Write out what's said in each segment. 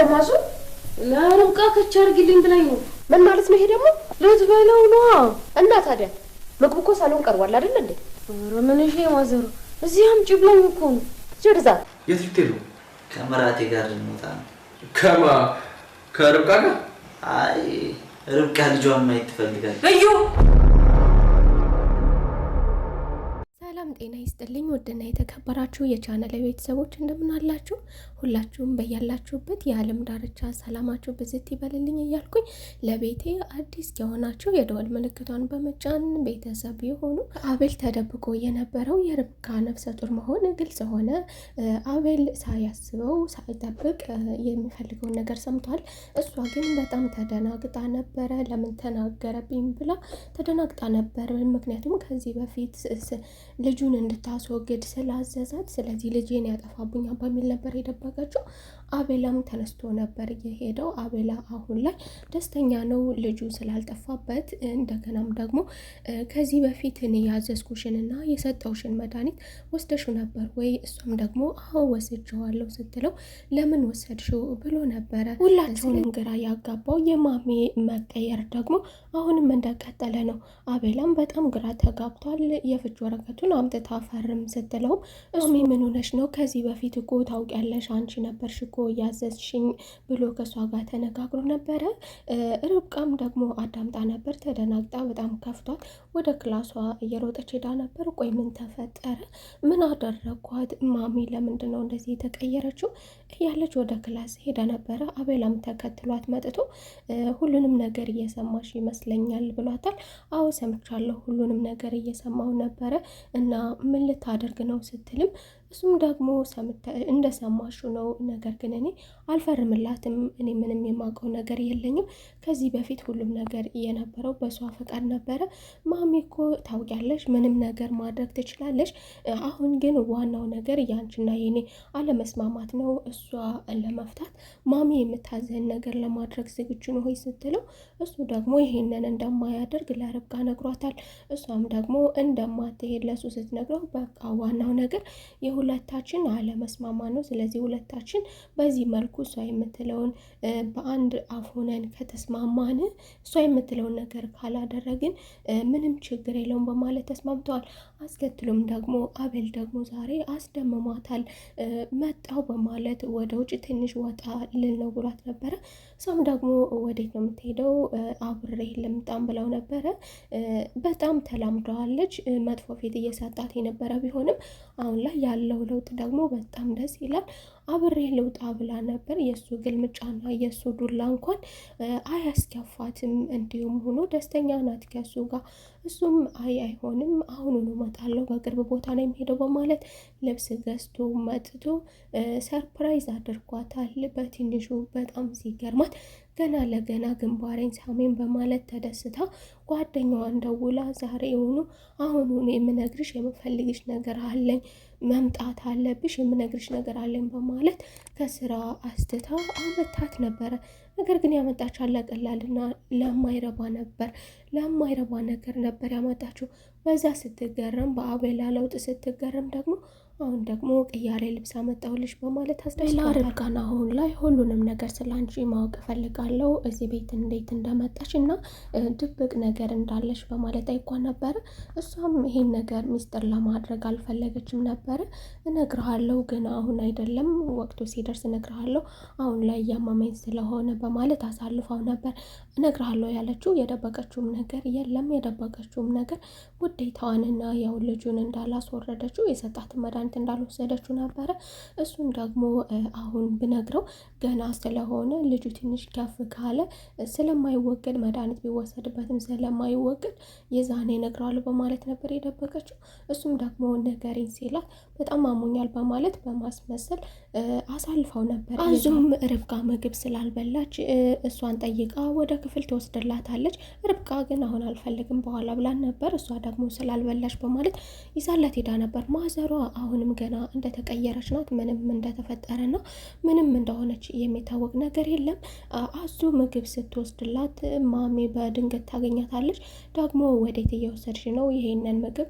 ደማሱ ለርብቃ ከች አድርጊልኝ ብላኝ ነው። ምን ማለት ነው ይሄ ደግሞ? ልትበለው ነው። እና ታዲያ ምግብ እኮ ሳሎን ቀርቧል አይደል እንዴ? ኧረ ምን ይሄ ማዘሩ እዚህ አምጪ ብላኝ እኮ ነው። እዚህ ወደዛ። የት ልትሄዱ? ከመራቴ ጋር ልንወጣ ነው። ከማ ከርብቃ ጋር? አይ ርብቃ ልጇን ማየት ትፈልጋለች። እዩ ጤና ይስጥልኝ ውድና የተከበራችሁ የቻናል ቤተሰቦች እንደምን አላችሁ? ሁላችሁም በያላችሁበት የዓለም ዳርቻ ሰላማችሁ ብዝት ይበልልኝ እያልኩኝ ለቤቴ አዲስ የሆናችሁ የደወል ምልክቷን በመጫን ቤተሰብ የሆኑ አቤል ተደብቆ የነበረው የርብቃ ነፍሰ ጡር መሆን ግልጽ ሆነ። አቤል ሳያስበው ሳይጠብቅ የሚፈልገውን ነገር ሰምቷል። እሷ ግን በጣም ተደናግጣ ነበረ። ለምን ተናገረብኝ ብላ ተደናግጣ ነበር። ምክንያቱም ከዚህ በፊት ልጁ ልጁን እንድታስወግድ ስላዘዛት፣ ስለዚህ ልጄን ያጠፋብኛል በሚል ነበር የደበቀችው። አቤላም ተነስቶ ነበር የሄደው። አቤላ አሁን ላይ ደስተኛ ነው ልጁ ስላልጠፋበት። እንደገናም ደግሞ ከዚህ በፊት እኔ ያዘዝኩሽንና የሰጠውሽን መድኃኒት ወስደሽው ነበር ወይ? እሷም ደግሞ አሁ ወስጀዋለሁ ስትለው ለምን ወሰድሽው ብሎ ነበረ። ሁላቸውንም ግራ ያጋባው የማሜ መቀየር ደግሞ አሁንም እንደቀጠለ ነው። አቤላም በጣም ግራ ተጋብቷል። የፍች ወረቀቱን አምጥታ ፈርም ስትለውም እሱ ምን ሆነሽ ነው? ከዚህ በፊት እኮ ታውቂያለሽ አንቺ ነበርሽ እኮ ያዘዝሽኝ ብሎ ከእሷ ጋር ተነጋግሮ ነበረ። ርብቃም ደግሞ አዳምጣ ነበር። ተደናግጣ በጣም ከፍቷት ወደ ክላሷ እየሮጠች ሄዳ ነበር። ቆይ ምን ተፈጠረ? ምን አደረኳት? ማሚ ለምንድን ነው እንደዚህ የተቀየረችው? ትያለች ወደ ክላስ ሄዳ ነበረ። አቤላም ተከትሏት መጥቶ ሁሉንም ነገር እየሰማሽ ይመስለኛል ብሏታል። አዎ ሰምቻለሁ፣ ሁሉንም ነገር እየሰማው ነበረ እና ምን ልታደርግ ነው ስትልም እሱም ደግሞ እንደሰማሹ ነው። ነገር ግን እኔ አልፈርምላትም፣ እኔ ምንም የማውቀው ነገር የለኝም። ከዚህ በፊት ሁሉም ነገር የነበረው በሷ ፈቃድ ነበረ። ማሚ እኮ ታውቂያለሽ፣ ምንም ነገር ማድረግ ትችላለሽ። አሁን ግን ዋናው ነገር ያንቺና የኔ አለመስማማት ነው። እሷ ለመፍታት ማሚ የምታዘህን ነገር ለማድረግ ዝግጁ ነው ሆይ ስትለው፣ እሱ ደግሞ ይሄንን እንደማያደርግ ለርብቃ ነግሯታል። እሷም ደግሞ እንደማትሄድ ለሱ ስትነግረው በቃ ዋናው ነገር የሁለታችን አለመስማማት ነው። ስለዚህ ሁለታችን በዚህ መልኩ እሷ የምትለውን በአንድ አፍ ሆነን ከተስማ ከተስማማን እሷ የምትለውን ነገር ካላደረግን ምንም ችግር የለውም በማለት ተስማምተዋል። አስከትሎም ደግሞ አቤል ደግሞ ዛሬ አስደምሟታል። መጣው በማለት ወደ ውጭ ትንሽ ወጣ ልል ነው ብሏት ነበረ። እሷም ደግሞ ወዴት ነው የምትሄደው? አብሬ ልምጣም ብለው ነበረ። በጣም ተላምደዋለች። መጥፎ ፊት እየሰጣት የነበረ ቢሆንም አሁን ላይ ያለው ለውጥ ደግሞ በጣም ደስ ይላል። አብሬ ልውጣ ብላ ነበር። የእሱ ግልምጫና የእሱ ዱላ እንኳን አያስከፋትም። እንዲሁም ሆኖ ደስተኛ ናት ከእሱ ጋር። እሱም አይ አይሆንም፣ አሁኑኑ እመጣለሁ፣ በቅርብ ቦታ ነው የሚሄደው በማለት ልብስ ገዝቶ መጥቶ ሰርፕራይዝ አድርጓታል። በትንሹ በጣም ሲገርማት ገና ለገና ግንባሬን ሳሜን በማለት ተደስታ ጓደኛዋን ደውላ ዛሬ የሆኑ አሁኑን የምነግርሽ የምፈልግሽ ነገር አለኝ መምጣት አለብሽ የምነግርሽ ነገር አለኝ በማለት ከስራ አስትታ አመታት ነበረ። ነገር ግን ያመጣች አለቀላልና ለማይረባ ነበር ለማይረባ ነገር ነበር ያመጣችው። በዛ ስትገረም፣ በአቤላ ለውጥ ስትገረም ደግሞ አሁን ደግሞ ቅያሬ ልብስ አመጣሁልሽ በማለት አስደስላርጋን አሁን ላይ ሁሉንም ነገር ስለ አንቺ ማወቅ እፈልጋለሁ እዚህ ቤት እንዴት እንደመጣሽ እና ድብቅ ነገር እንዳለሽ በማለት አይኳ ነበረ። እሷም ይሄን ነገር ሚስጥር ለማድረግ አልፈለገችም ነበረ። እነግርሃለሁ ግን አሁን አይደለም ወቅቱ ሲደርስ እነግርሃለሁ፣ አሁን ላይ እያመመኝ ስለሆነ በማለት አሳልፋው ነበር። እነግርሃለሁ ያለችው የደበቀችውም ነገር የለም። የደበቀችውም ነገር ውዴታዋንና ያው ልጁን እንዳላስወረደችው የሰጣት መዳ ትናንት እንዳልወሰደችው ነበረ። እሱን ደግሞ አሁን ብነግረው ገና ስለሆነ ልጁ ትንሽ ከፍ ካለ ስለማይወገድ መድኃኒት ቢወሰድበትም ስለማይወገድ የዛኔ ነግረዋል በማለት ነበር የደበቀችው። እሱም ደግሞ ነገሬን ሲላት በጣም አሞኛል በማለት በማስመሰል አሳልፈው ነበር። አዙም ርብቃ ምግብ ስላልበላች እሷን ጠይቃ ወደ ክፍል ትወስድላታለች። ርብቃ ግን አሁን አልፈልግም በኋላ ብላን ነበር። እሷ ደግሞ ስላልበላች በማለት ይዛላት ሄዳ ነበር ማዘሯ አሁን አሁንም ገና እንደተቀየረች ናት። ምንም እንደተፈጠረ እንደተፈጠረና ምንም እንደሆነች የሚታወቅ ነገር የለም። አዙ ምግብ ስትወስድላት ማሜ በድንገት ታገኛታለች። ደግሞ ወዴት እየወሰድሽ ነው ይሄንን ምግብ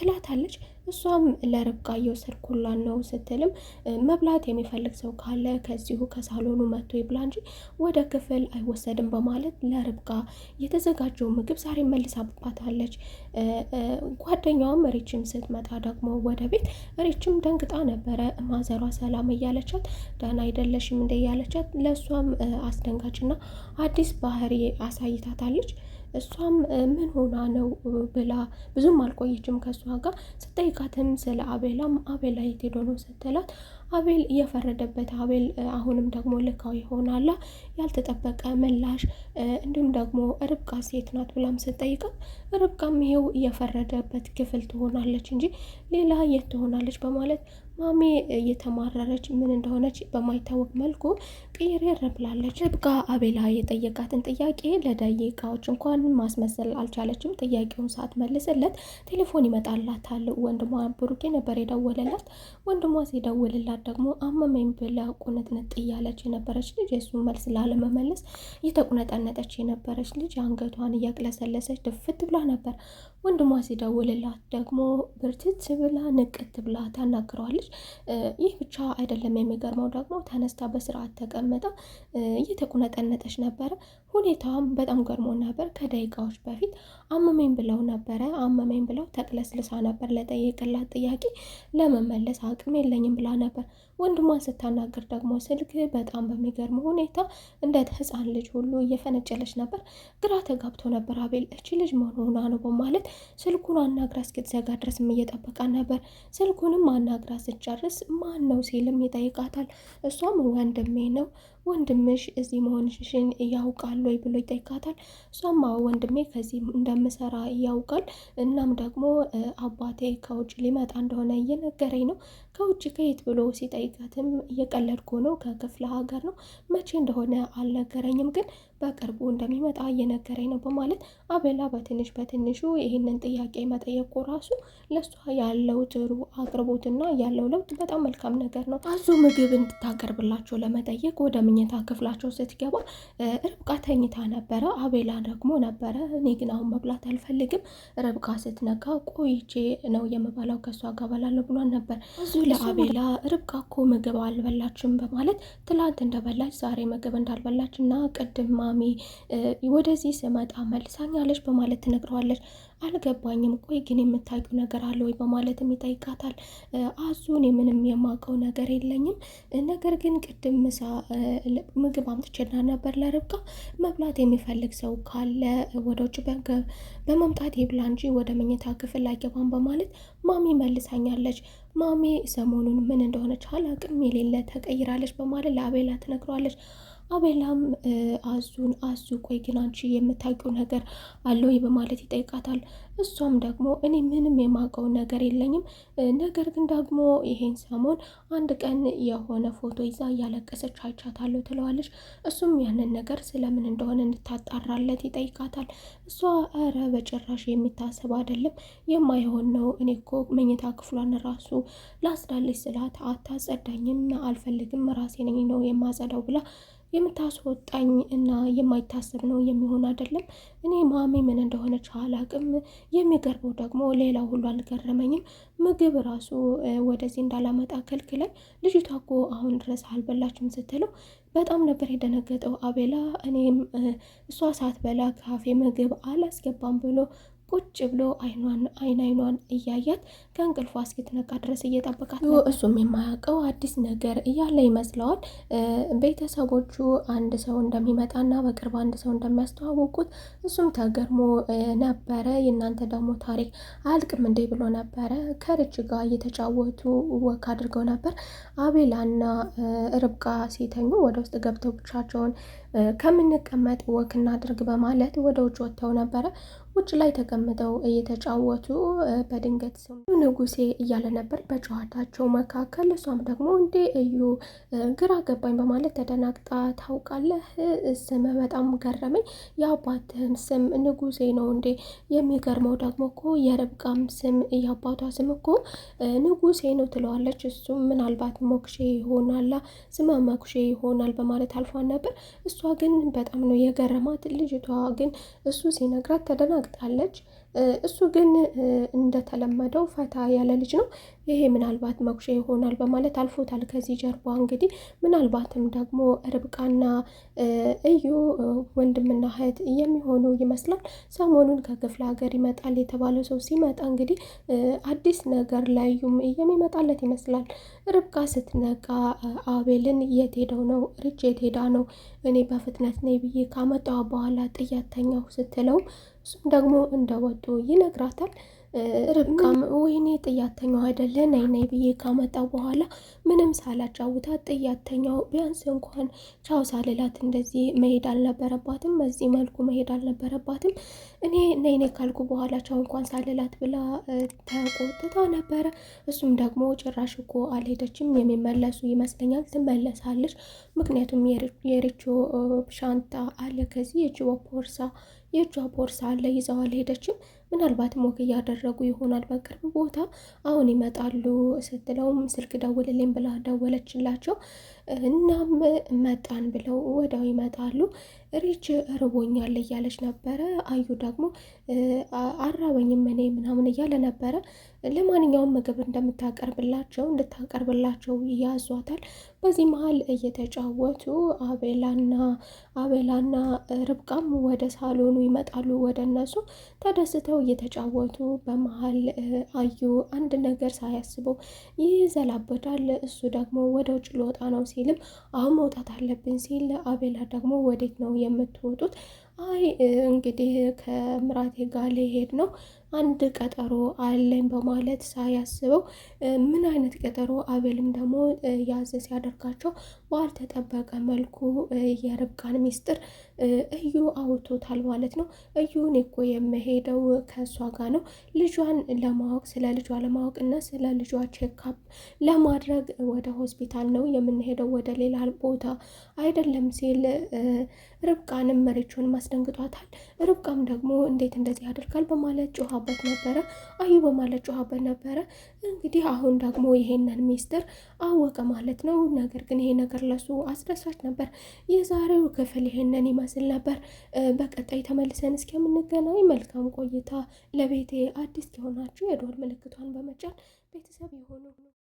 ትላታለች። እሷም ለርብቃ እየወሰድኩላን ነው ስትልም መብላት የሚፈልግ ሰው ካለ ከዚሁ ከሳሎኑ መጥቶ ይብላ እንጂ ወደ ክፍል አይወሰድም በማለት ለርብቃ የተዘጋጀው ምግብ ዛሬ መልሳባታለች። ጓደኛዋም ሬችም ስትመጣ ደግሞ ወደ ቤት ሬችም ደንግጣ ነበረ። ማዘሯ ሰላም እያለቻት ደህና አይደለሽም እንደ እያለቻት ለእሷም አስደንጋጭና አዲስ ባህሪ አሳይታታለች። እሷም ምን ሆና ነው ብላ ብዙም አልቆየችም ከእሷ ጋር ስጠይቃትም ስለ አቤላም አቤላ የት ሄዶ ነው ስትላት አቤል እየፈረደበት አቤል አሁንም ደግሞ ልካው ይሆናላ ያልተጠበቀ ምላሽ እንዲሁም ደግሞ ርብቃ ሴት ናት ብላም ስጠይቃት ርብቃም ይሄው እየፈረደበት ክፍል ትሆናለች እንጂ ሌላ የት ትሆናለች በማለት ማሜ እየተማረረች ምን እንደሆነች በማይታወቅ መልኩ ቅይሬር ብላለች። ርብቃ አቤላ የጠየቃትን ጥያቄ ለደቂቃዎች እንኳን ማስመሰል አልቻለችም። ጥያቄውን መልስለት ቴሌፎን ይመጣላታል። ወንድሟ ብሩኬ ነበር የደወለላት። ወንድሟ ሲደውልላት ደግሞ አመመኝ ብላ ቁንጥንጥ እያለች የነበረች ልጅ የእሱን መልስ ላለመመለስ እየተቁነጠነጠች የነበረች ልጅ አንገቷን እያቅለሰለሰች ድፍት ብላ ነበር። ወንድሟ ሲደውልላት ደግሞ ብርትት ብላ ንቅት ብላ ታናግረዋለች። ይህ ብቻ አይደለም። የሚገርመው ደግሞ ተነስታ በስርዓት ተቀምጣ እየተቁነጠነጠች ነበረ። ሁኔታውም በጣም ገርሞ ነበር። ከደቂቃዎች በፊት አመመኝ ብለው ነበረ። አመመኝ ብለው ተቅለስልሳ ነበር። ለጠየቅላት ጥያቄ ለመመለስ አቅም የለኝም ብላ ነበር። ወንድሟን ስታናግር ደግሞ ስልክ በጣም በሚገርም ሁኔታ እንደ ህፃን ልጅ ሁሉ እየፈነጨለች ነበር። ግራ ተጋብቶ ነበር አቤል። እቺ ልጅ መሆኗ ነው በማለት ስልኩን አናግራ እስክትዘጋ ድረስም እየጠበቃት ነበር። ስልኩንም አናግራ ስጨርስ ማን ነው ሲልም ይጠይቃታል። እሷም ወንድሜ ነው ወንድምሽ እዚህ መሆንሽን ያውቃል ወይ ብሎ ይጠይቃታል። እሷም ወንድሜ ከዚህ እንደምሰራ ያውቃል፣ እናም ደግሞ አባቴ ከውጭ ሊመጣ እንደሆነ እየነገረኝ ነው። ከውጭ ከየት ብሎ ሲጠይቃትም እየቀለድኩ ነው፣ ከክፍለ ሀገር ነው፣ መቼ እንደሆነ አልነገረኝም ግን በቅርቡ እንደሚመጣ እየነገረኝ ነው በማለት አቤላ በትንሽ በትንሹ ይህንን ጥያቄ መጠየቁ ራሱ ለሷ ያለው ጥሩ አቅርቦትና ያለው ለውጥ በጣም መልካም ነገር ነው። አዙ ምግብ እንድታቀርብላቸው ለመጠየቅ ወደ ምኝታ ክፍላቸው ስትገባ ርብቃ ተኝታ ነበረ። አቤላ ደግሞ ነበረ እኔ ግን አሁን መብላት አልፈልግም፣ ርብቃ ስትነቃ ቆይቼ ነው የምበላው ከእሷ ጋር እበላለሁ ብሏን ነበር። አዙ ለአቤላ ርብቃ እኮ ምግብ አልበላችም በማለት ትላንት እንደበላች ዛሬ ምግብ እንዳልበላች እና ቅድማ ድጋሚ ወደዚህ ስመጣ መልሳኛለች በማለት ትነግረዋለች። አልገባኝም። ቆይ ግን የምታውቂው ነገር አለ ወይ በማለትም ይጠይቃታል። አዙን ምንም የማውቀው ነገር የለኝም፣ ነገር ግን ቅድም ምሳ ምግብ አምጥቼና ነበር ለርብቃ መብላት የሚፈልግ ሰው ካለ ወደ ውጭ በመምጣት ይብላ እንጂ ወደ መኝታ ክፍል አይገባም በማለት ማሚ መልሳኛለች። ማሚ ሰሞኑን ምን እንደሆነች አላቅም፣ የሌለ ተቀይራለች በማለት ለአቤላ ትነግረዋለች። አቤላም አዙን አዙ ቆይ ግን አንቺ የምታውቂው ነገር አለ ወይ በማለት ይጠይቃታል። እሷም ደግሞ እኔ ምንም የማውቀው ነገር የለኝም፣ ነገር ግን ደግሞ ይሄን ሰሞን አንድ ቀን የሆነ ፎቶ ይዛ እያለቀሰች አይቻታለሁ ትለዋለች። እሱም ያንን ነገር ስለምን እንደሆነ እንድታጣራለት ይጠይቃታል። እሷ ኧረ በጭራሽ የሚታሰብ አይደለም የማይሆን ነው፣ እኔ እኮ መኝታ ክፍሏን ራሱ ላስዳለች ስላት አታጸዳኝም፣ አልፈልግም ራሴ ነኝ ነው የማጸዳው ብላ የምታስወጣኝ እና የማይታሰብ ነው የሚሆን አይደለም። እኔ ማሜ ምን እንደሆነች አላቅም። የሚገርመው ደግሞ ሌላ ሁሉ አልገረመኝም። ምግብ ራሱ ወደዚህ እንዳላመጣ ከልክለን ልጅቷ እኮ አሁን ድረስ አልበላችም ስትለው በጣም ነበር የደነገጠው አቤላ። እኔም እሷ ሳትበላ ካፌ ምግብ አላስገባም ብሎ ቁጭ ብሎ አይኗን አይን አይኗን እያያት ከእንቅልፏ እስክትነቃ ድረስ እየጠበቃት ነው። እሱም የማያውቀው አዲስ ነገር እያለ ይመስለዋል። ቤተሰቦቹ አንድ ሰው እንደሚመጣና በቅርብ አንድ ሰው እንደሚያስተዋውቁት እሱም ተገርሞ ነበረ። የእናንተ ደግሞ ታሪክ አያልቅም እንዴ ብሎ ነበረ። ከርች ጋር እየተጫወቱ ወክ አድርገው ነበር። አቤላና ርብቃ ሲተኙ ወደ ውስጥ ገብተው ብቻቸውን ከምንቀመጥ ወክ እናድርግ በማለት ወደ ውጭ ወጥተው ነበረ። ውጭ ላይ ተቀምጠው እየተጫወቱ በድንገት ስሙ ንጉሴ እያለ ነበር በጨዋታቸው መካከል። እሷም ደግሞ እንዴ እዩ ግራ ገባኝ በማለት ተደናግጣ ታውቃለህ፣ ስም በጣም ገረመኝ፣ የአባትህም ስም ንጉሴ ነው እንዴ? የሚገርመው ደግሞ እኮ የርብቃም ስም የአባቷ ስም እኮ ንጉሴ ነው ትለዋለች። እሱም ምናልባት ሞክሼ ይሆናላ ስመ መኩሼ ይሆናል በማለት አልፏን ነበር እሱ እሷ ግን በጣም ነው የገረማት። ልጅቷ ግን እሱ ሲነግራት ተደናግጣለች። እሱ ግን እንደተለመደው ፈታ ያለ ልጅ ነው። ይሄ ምናልባት መኩሻ ይሆናል በማለት አልፎታል። ከዚህ ጀርባ እንግዲህ ምናልባትም ደግሞ ርብቃና እዩ ወንድምና እህት የሚሆኑ ይመስላል። ሰሞኑን ከክፍለ ሀገር ይመጣል የተባለ ሰው ሲመጣ እንግዲህ አዲስ ነገር ላዩም የሚመጣለት ይመስላል። ርብቃ ስትነቃ አቤልን የት ሄደው ነው ርች የት ሄዳ ነው እኔ በፍጥነት ነይ ብዬ ካመጣዋ በኋላ ጥያተኛው ስትለው እሱም ደግሞ እንደወጡ ይነግራታል። ርብቃም ወይኔ ጥያተኛው አይደለ ነይ ነይ ብዬ ካመጣው በኋላ ምንም ሳላጫውታት ጥያተኛው ቢያንስ እንኳን ቻው ሳልላት እንደዚህ መሄድ አልነበረባትም፣ በዚህ መልኩ መሄድ አልነበረባትም። እኔ ነይ ነይ ካልኩ በኋላ ቻው እንኳን ሳልላት ብላ ተቆጥታ ነበረ። እሱም ደግሞ ጭራሽ እኮ አልሄደችም፣ የሚመለሱ ይመስለኛል፣ ትመለሳለች። ምክንያቱም የሪቾ ሻንጣ አለ ከዚህ የእጅ ቦርሳ የእጇ ቦርሳ አለ፣ ይዘዋል ሄደችም ምናልባት ሞክ እያደረጉ ይሆናል በቅርብ ቦታ አሁን ይመጣሉ ስትለውም ስልክ ደውልልኝ ብላ ደወለችላቸው። እናም መጣን ብለው ወዳው ይመጣሉ። ሪች እርቦኛል እያለች ነበረ። አዩ ደግሞ አራበኝም እኔ ምናምን እያለ ነበረ። ለማንኛውም ምግብ እንደምታቀርብላቸው እንድታቀርብላቸው ያዟታል። በዚህ መሀል እየተጫወቱ አቤላና አቤላና ርብቃም ወደ ሳሎኑ ይመጣሉ። ወደ እነሱ ተደስተው እየተጫወቱ በመሀል አዩ አንድ ነገር ሳያስበው ይዘላበታል። እሱ ደግሞ ወደ ውጭ ልወጣ ነው ሲ ሲልም አሁን መውጣት አለብን ሲል ለአቤላ ደግሞ ወዴት ነው የምትወጡት? አይ እንግዲህ ከምራቴ ጋር ሊሄድ ነው አንድ ቀጠሮ አለኝ በማለት ሳያስበው ምን አይነት ቀጠሮ አቤልም ደግሞ ያዘ ሲያደርጋቸው ባልተጠበቀ መልኩ የርብቃን ሚስጥር እዩ አውቶታል ማለት ነው። እዩን እኮ የመሄደው ከእሷ ጋር ነው ልጇን ለማወቅ ስለ ልጇ ለማወቅ እና ስለ ልጇ ቼካፕ ለማድረግ ወደ ሆስፒታል ነው የምንሄደው ወደ ሌላ ቦታ አይደለም ሲል ርብቃንም መሬቹን ማስደንግጧታል። ርብቃም ደግሞ እንዴት እንደዚህ ያደርጋል በማለት ጮኋበት ነበረ። አዩ በማለት ጮኋበት ነበረ። እንግዲህ አሁን ደግሞ ይሄንን ሚስጥር አወቀ ማለት ነው። ነገር ግን ይሄ ነገር ለሱ አስደሳች ነበር። የዛሬው ክፍል ይሄንን ይመስ ስል ነበር። በቀጣይ ተመልሰን እስከምንገናኝ መልካም ቆይታ። ለቤቴ አዲስ ከሆናችሁ የዶል ምልክቷን በመጫን ቤተሰብ የሆኑ